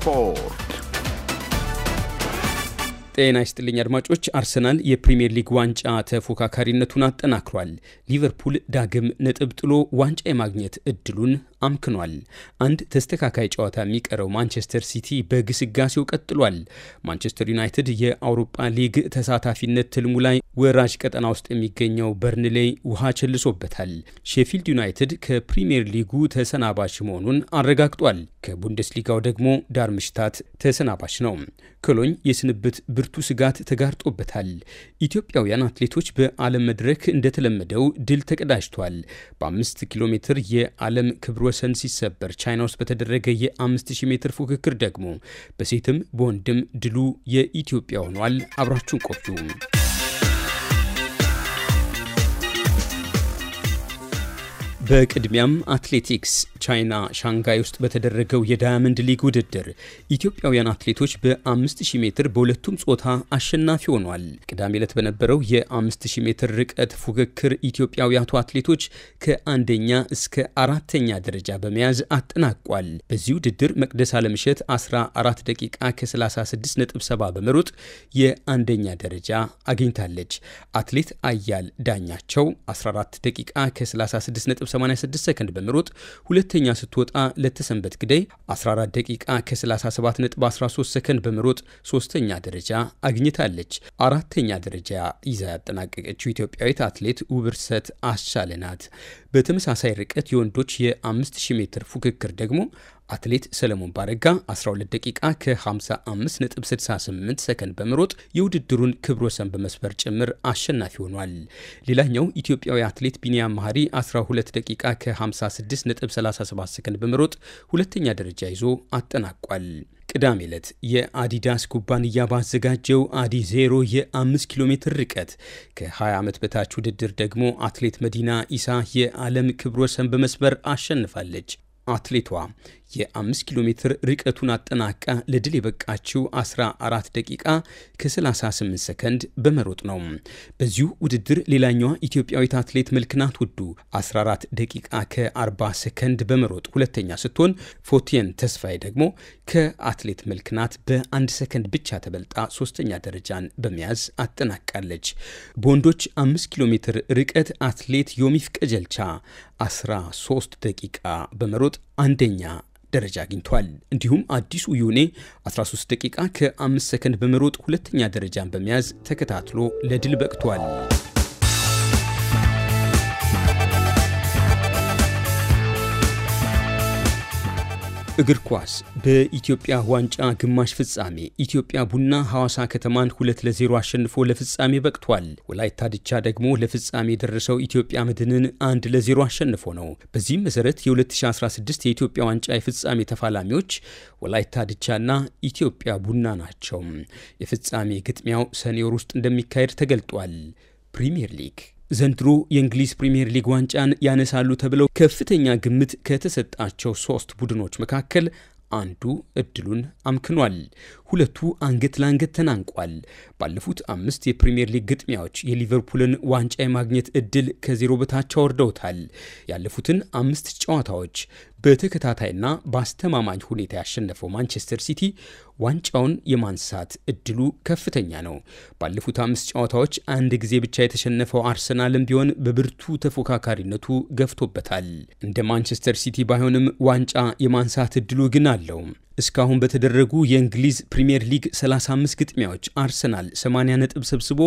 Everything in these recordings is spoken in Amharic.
Four. ጤና ይስጥልኝ አድማጮች። አርሰናል የፕሪምየር ሊግ ዋንጫ ተፎካካሪነቱን አጠናክሯል። ሊቨርፑል ዳግም ነጥብ ጥሎ ዋንጫ የማግኘት እድሉን አምክኗል። አንድ ተስተካካይ ጨዋታ የሚቀረው ማንቸስተር ሲቲ በግስጋሴው ቀጥሏል። ማንቸስተር ዩናይትድ የአውሮፓ ሊግ ተሳታፊነት ትልሙ ላይ ወራጅ ቀጠና ውስጥ የሚገኘው በርንሌ ውሃ ቸልሶበታል። ሼፊልድ ዩናይትድ ከፕሪምየር ሊጉ ተሰናባሽ መሆኑን አረጋግጧል። ከቡንደስሊጋው ደግሞ ዳርምሽታት ተሰናባሽ ነው። ክሎኝ የስንብት ብርቱ ስጋት ተጋርጦበታል። ኢትዮጵያውያን አትሌቶች በዓለም መድረክ እንደተለመደው ድል ተቀዳጅቷል። በአምስት ኪሎ ሜትር የዓለም ክብረ ወሰን ሲሰበር ቻይና ውስጥ በተደረገ የ5000 ሜትር ፉክክር ደግሞ በሴትም በወንድም ድሉ የኢትዮጵያ ሆኗል። አብራችሁን ቆዩ። በቅድሚያም አትሌቲክስ ቻይና ሻንጋይ ውስጥ በተደረገው የዳያመንድ ሊግ ውድድር ኢትዮጵያውያን አትሌቶች በ5000 ሜትር በሁለቱም ጾታ አሸናፊ ሆኗል። ቅዳሜ ዕለት በነበረው የ5000 ሜትር ርቀት ፉክክር ኢትዮጵያውያቱ አትሌቶች ከአንደኛ እስከ አራተኛ ደረጃ በመያዝ አጠናቋል። በዚህ ውድድር መቅደስ አለምሸት 14 ደቂቃ ከ ነ7 በመሮጥ የአንደኛ ደረጃ አግኝታለች። አትሌት አያል ዳኛቸው 14 ደቂቃ ከ36 86 ሰከንድ በመሮጥ ሁለተኛ ስትወጣ ለተሰንበት ግዳይ 14 ደቂቃ ከ37.13 ሰከንድ በመሮጥ ሶስተኛ ደረጃ አግኝታለች። አራተኛ ደረጃ ይዛ ያጠናቀቀችው ኢትዮጵያዊት አትሌት ውብርሰት አስቻለ በተመሳሳይ ርቀት የወንዶች የ5000 ሜትር ፉክክር ደግሞ አትሌት ሰለሞን ባረጋ 12 ደቂቃ ከ55.68 ሰከንድ በመሮጥ የውድድሩን ክብረ ወሰን በመስበር ጭምር አሸናፊ ሆኗል። ሌላኛው ኢትዮጵያዊ አትሌት ቢንያም መሐሪ 12 ደቂቃ ከ56.37 ሰከንድ በመሮጥ ሁለተኛ ደረጃ ይዞ አጠናቋል። ቅዳሜ ዕለት የአዲዳስ ኩባንያ ባዘጋጀው አዲ ዜሮ የ5 ኪሎ ሜትር ርቀት ከ20 ዓመት በታች ውድድር ደግሞ አትሌት መዲና ኢሳ የዓለም ክብረ ወሰን በመስበር አሸንፋለች። አትሌቷ የ5 ኪሎ ሜትር ርቀቱን አጠናቃ ለድል የበቃችው 14 ደቂቃ ከ38 ሰከንድ በመሮጥ ነው። በዚሁ ውድድር ሌላኛዋ ኢትዮጵያዊት አትሌት መልክናት ውዱ 14 ደቂቃ ከ40 ሰከንድ በመሮጥ ሁለተኛ ስትሆን፣ ፎቴን ተስፋዬ ደግሞ ከአትሌት መልክናት በአንድ ሰከንድ ብቻ ተበልጣ ሶስተኛ ደረጃን በመያዝ አጠናቃለች። በወንዶች 5 ኪሎ ሜትር ርቀት አትሌት ዮሚፍ ቀጀልቻ 13 ደቂቃ በመሮጥ አንደኛ ደረጃ አግኝቷል። እንዲሁም አዲሱ ዮኔ 13 ደቂቃ ከ5 ሰከንድ በመሮጥ ሁለተኛ ደረጃን በመያዝ ተከታትሎ ለድል በቅቷል። እግር ኳስ በኢትዮጵያ ዋንጫ ግማሽ ፍጻሜ ኢትዮጵያ ቡና ሐዋሳ ከተማን ሁለት ለዜሮ አሸንፎ ለፍጻሜ በቅቷል። ወላይታ ድቻ ደግሞ ለፍጻሜ የደረሰው ኢትዮጵያ መድንን አንድ ለዜሮ አሸንፎ ነው። በዚህም መሰረት የ2016 የኢትዮጵያ ዋንጫ የፍጻሜ ተፋላሚዎች ወላይታ ድቻና ኢትዮጵያ ቡና ናቸው። የፍጻሜ ግጥሚያው ሰኔ ወር ውስጥ እንደሚካሄድ ተገልጧል። ፕሪምየር ሊግ ዘንድሮ የእንግሊዝ ፕሪምየር ሊግ ዋንጫን ያነሳሉ ተብለው ከፍተኛ ግምት ከተሰጣቸው ሶስት ቡድኖች መካከል አንዱ እድሉን አምክኗል። ሁለቱ አንገት ለአንገት ተናንቋል። ባለፉት አምስት የፕሪምየር ሊግ ግጥሚያዎች የሊቨርፑልን ዋንጫ የማግኘት እድል ከዜሮ በታች አወርደውታል። ያለፉትን አምስት ጨዋታዎች በተከታታይና በአስተማማኝ ሁኔታ ያሸነፈው ማንቸስተር ሲቲ ዋንጫውን የማንሳት እድሉ ከፍተኛ ነው። ባለፉት አምስት ጨዋታዎች አንድ ጊዜ ብቻ የተሸነፈው አርሰናልም ቢሆን በብርቱ ተፎካካሪነቱ ገፍቶበታል። እንደ ማንቸስተር ሲቲ ባይሆንም ዋንጫ የማንሳት እድሉ ግን አለው። እስካሁን በተደረጉ የእንግሊዝ ፕሪምየር ሊግ 35 ግጥሚያዎች አርሰናል 80 ነጥብ ሰብስቦ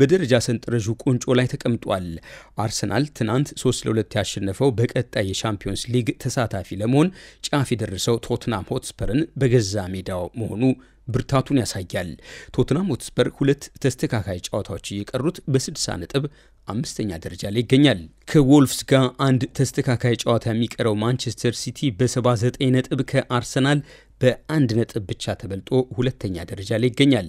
በደረጃ ሰንጠረዡ ቁንጮ ላይ ተቀምጧል። አርሰናል ትናንት 3 ለ2 ያሸነፈው በቀጣይ የሻምፒዮንስ ሊግ ተሳታፊ ለመሆን ጫፍ የደረሰው ቶትናም ሆትስፐርን በገዛ ሜዳው መሆኑ ብርታቱን ያሳያል። ቶትናም ሆትስፐር ሁለት ተስተካካይ ጨዋታዎች እየቀሩት በ60 ነጥብ አምስተኛ ደረጃ ላይ ይገኛል። ከዎልፍስ ጋር አንድ ተስተካካይ ጨዋታ የሚቀረው ማንቸስተር ሲቲ በ79 ነጥብ ከአርሰናል በአንድ ነጥብ ብቻ ተበልጦ ሁለተኛ ደረጃ ላይ ይገኛል።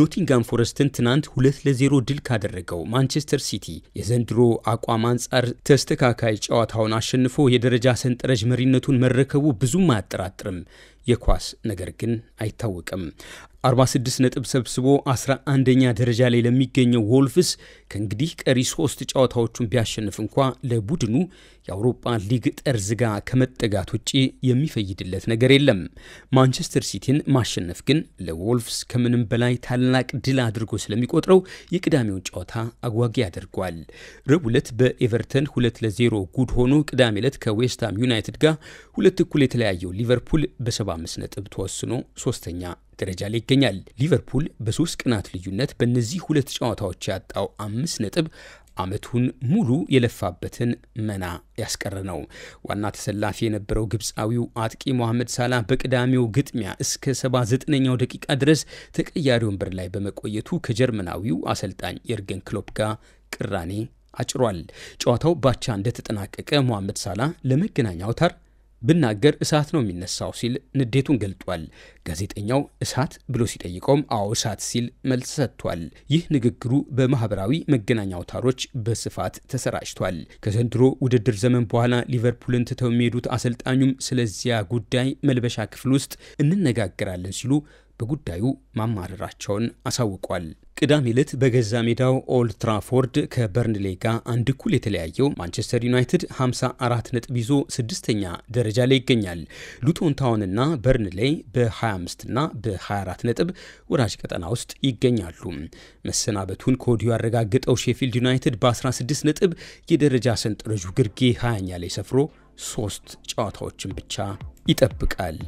ኖቲንጋም ፎረስትን ትናንት ሁለት ለዜሮ ድል ካደረገው ማንቸስተር ሲቲ የዘንድሮ አቋም አንጻር ተስተካካይ ጨዋታውን አሸንፎ የደረጃ ሰንጠረዥ መሪነቱን መረከቡ ብዙም አያጠራጥርም። የኳስ ነገር ግን አይታወቅም። 46 ነጥብ ሰብስቦ 11ኛ ደረጃ ላይ ለሚገኘው ወልፍስ ከእንግዲህ ቀሪ ሶስት ጨዋታዎቹን ቢያሸንፍ እንኳ ለቡድኑ የአውሮፓ ሊግ ጠርዝ ጋ ከመጠጋት ውጪ የሚፈይድለት ነገር የለም። ማንቸስተር ሲቲን ማሸነፍ ግን ለዎልቭስ ከምንም በላይ ታላቅ ድል አድርጎ ስለሚቆጥረው የቅዳሜውን ጨዋታ አጓጊ አድርጓል። ረቡዕ ዕለት በኤቨርተን ሁለት ለዜሮ ጉድ ሆኖ ቅዳሜ ዕለት ከዌስትሃም ዩናይትድ ጋር ሁለት እኩል የተለያየው ሊቨርፑል በ75 ነጥብ ተወስኖ ሶስተኛ ደረጃ ላይ ይገኛል። ሊቨርፑል በሶስት ቀናት ልዩነት በእነዚህ ሁለት ጨዋታዎች ያጣው አምስት ነጥብ ዓመቱን ሙሉ የለፋበትን መና ያስቀረ ነው። ዋና ተሰላፊ የነበረው ግብፃዊው አጥቂ ሞሐመድ ሳላህ በቅዳሜው ግጥሚያ እስከ 79ኛው ደቂቃ ድረስ ተቀያሪ ወንበር ላይ በመቆየቱ ከጀርመናዊው አሰልጣኝ የርገን ክሎፕ ጋር ቅራኔ አጭሯል። ጨዋታው ባቻ እንደተጠናቀቀ ሞሐመድ ሳላህ ለመገናኛ አውታር ብናገር እሳት ነው የሚነሳው ሲል ንዴቱን ገልጧል። ጋዜጠኛው እሳት ብሎ ሲጠይቀውም አዎ እሳት ሲል መልስ ሰጥቷል። ይህ ንግግሩ በማህበራዊ መገናኛ አውታሮች በስፋት ተሰራጭቷል። ከዘንድሮ ውድድር ዘመን በኋላ ሊቨርፑልን ትተው የሚሄዱት አሰልጣኙም ስለዚያ ጉዳይ መልበሻ ክፍል ውስጥ እንነጋገራለን ሲሉ በጉዳዩ ማማረራቸውን አሳውቋል። ቅዳሜ ዕለት በገዛ ሜዳው ኦልድ ትራፎርድ ከበርንሌ ጋር አንድ እኩል የተለያየው ማንቸስተር ዩናይትድ 54 ነጥብ ይዞ ስድስተኛ ደረጃ ላይ ይገኛል። ሉቶን ታውንና በርንሌ በ25 እና በ24 ነጥብ ወራጅ ቀጠና ውስጥ ይገኛሉ። መሰናበቱን ከወዲሁ ያረጋገጠው ሼፊልድ ዩናይትድ በ16 ነጥብ የደረጃ ሰንጠረዡ ግርጌ 20ኛ ላይ ሰፍሮ ሶስት ጨዋታዎችን ብቻ ይጠብቃል።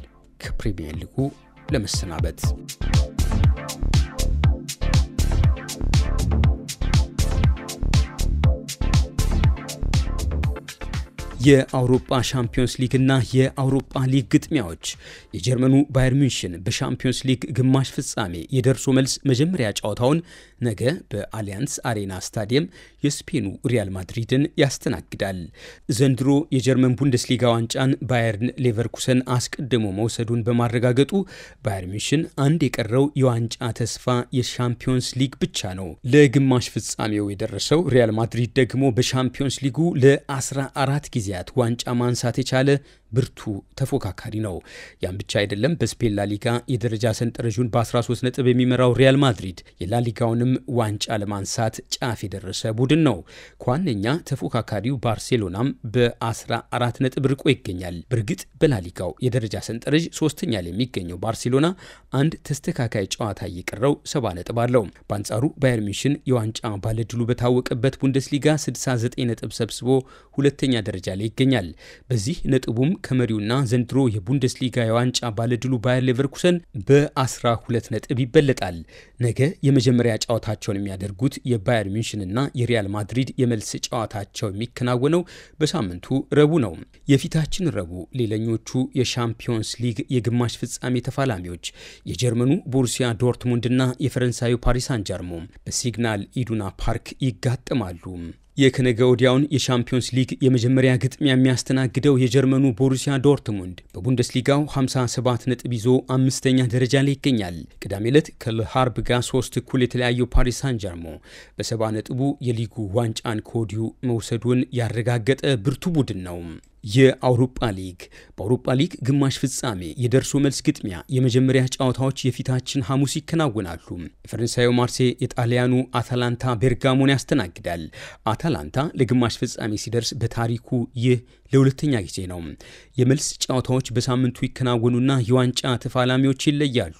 ከፕሪሚየር ሊጉ ለመሰናበት የአውሮፓ ሻምፒዮንስ ሊግ እና የአውሮፓ ሊግ ግጥሚያዎች የጀርመኑ ባየር ሚንሽን በሻምፒዮንስ ሊግ ግማሽ ፍጻሜ የደርሶ መልስ መጀመሪያ ጨዋታውን ነገ በአሊያንስ አሬና ስታዲየም የስፔኑ ሪያል ማድሪድን ያስተናግዳል። ዘንድሮ የጀርመን ቡንደስሊጋ ዋንጫን ባየርን ሌቨርኩሰን አስቀድሞ መውሰዱን በማረጋገጡ ባየር ሚንሽን አንድ የቀረው የዋንጫ ተስፋ የሻምፒዮንስ ሊግ ብቻ ነው። ለግማሽ ፍጻሜው የደረሰው ሪያል ማድሪድ ደግሞ በሻምፒዮንስ ሊጉ ለ14 ጊዜ ጊዜያት ዋንጫ ማንሳት የቻለ ብርቱ ተፎካካሪ ነው። ያም ብቻ አይደለም። በስፔን ላሊጋ የደረጃ ሰንጠረዡን በ13 ነጥብ የሚመራው ሪያል ማድሪድ የላሊጋውንም ዋንጫ ለማንሳት ጫፍ የደረሰ ቡድን ነው። ከዋነኛ ተፎካካሪው ባርሴሎናም በ14 ነጥብ ርቆ ይገኛል። በእርግጥ በላሊጋው የደረጃ ሰንጠረዥ ሶስተኛ ላይ የሚገኘው ባርሴሎና አንድ ተስተካካይ ጨዋታ እየቀረው ሰባ ነጥብ አለው። በአንጻሩ ባየር ሚሽን የዋንጫ ባለድሉ በታወቀበት ቡንደስሊጋ 69 ነጥብ ሰብስቦ ሁለተኛ ደረጃ እያለ ይገኛል። በዚህ ነጥቡም ከመሪውና ዘንድሮ የቡንደስሊጋ የዋንጫ ባለድሉ ባየር ሌቨርኩሰን በ12 ነጥብ ይበለጣል። ነገ የመጀመሪያ ጨዋታቸውን የሚያደርጉት የባየር ሚንሽንና የሪያል ማድሪድ የመልስ ጨዋታቸው የሚከናወነው በሳምንቱ ረቡ ነው። የፊታችን ረቡ ሌለኞቹ የሻምፒዮንስ ሊግ የግማሽ ፍጻሜ ተፋላሚዎች የጀርመኑ ቦሩሲያ ዶርትሙንድና የፈረንሳዩ ፓሪስ አንጃርሞ በሲግናል ኢዱና ፓርክ ይጋጠማሉ። የከነገ ወዲያውን የሻምፒዮንስ ሊግ የመጀመሪያ ግጥሚያ የሚያስተናግደው የጀርመኑ ቦሩሲያ ዶርትሙንድ በቡንደስሊጋው 57 ነጥብ ይዞ አምስተኛ ደረጃ ላይ ይገኛል። ቅዳሜ ዕለት ከልሃርብ ጋር ሶስት እኩል የተለያየው ፓሪስ ሳን ጀርሞ በሰባ ነጥቡ የሊጉ ዋንጫን ከወዲሁ መውሰዱን ያረጋገጠ ብርቱ ቡድን ነው። የአውሮፓ ሊግ በአውሮፓ ሊግ ግማሽ ፍጻሜ የደርሶ መልስ ግጥሚያ የመጀመሪያ ጨዋታዎች የፊታችን ሐሙስ ይከናወናሉ። የፈረንሳዩ ማርሴ የጣሊያኑ አታላንታ ቤርጋሞን ያስተናግዳል። አታላንታ ለግማሽ ፍጻሜ ሲደርስ በታሪኩ ይህ ለሁለተኛ ጊዜ ነው። የመልስ ጨዋታዎች በሳምንቱ ይከናወኑና የዋንጫ ተፋላሚዎች ይለያሉ።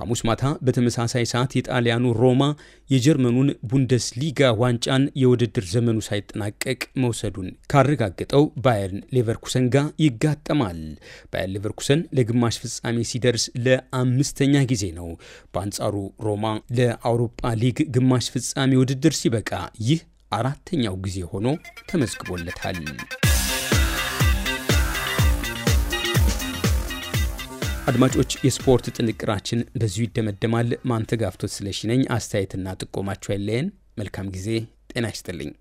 ሐሙስ ማታ በተመሳሳይ ሰዓት የጣሊያኑ ሮማ የጀርመኑን ቡንደስሊጋ ዋንጫን የውድድር ዘመኑ ሳይጠናቀቅ መውሰዱን ካረጋገጠው ባየርን ሌቨርኩሰን ጋር ይጋጠማል። ባየር ሌቨርኩሰን ለግማሽ ፍጻሜ ሲደርስ ለአምስተኛ ጊዜ ነው። በአንጻሩ ሮማ ለአውሮፓ ሊግ ግማሽ ፍጻሜ ውድድር ሲበቃ ይህ አራተኛው ጊዜ ሆኖ ተመዝግቦለታል። አድማጮች የስፖርት ጥንቅራችን በዚሁ ይደመደማል። ማንተጋፍቶት ስለሽነኝ አስተያየትና ጥቆማቸው ያለየን መልካም ጊዜ። ጤና ይስጥልኝ።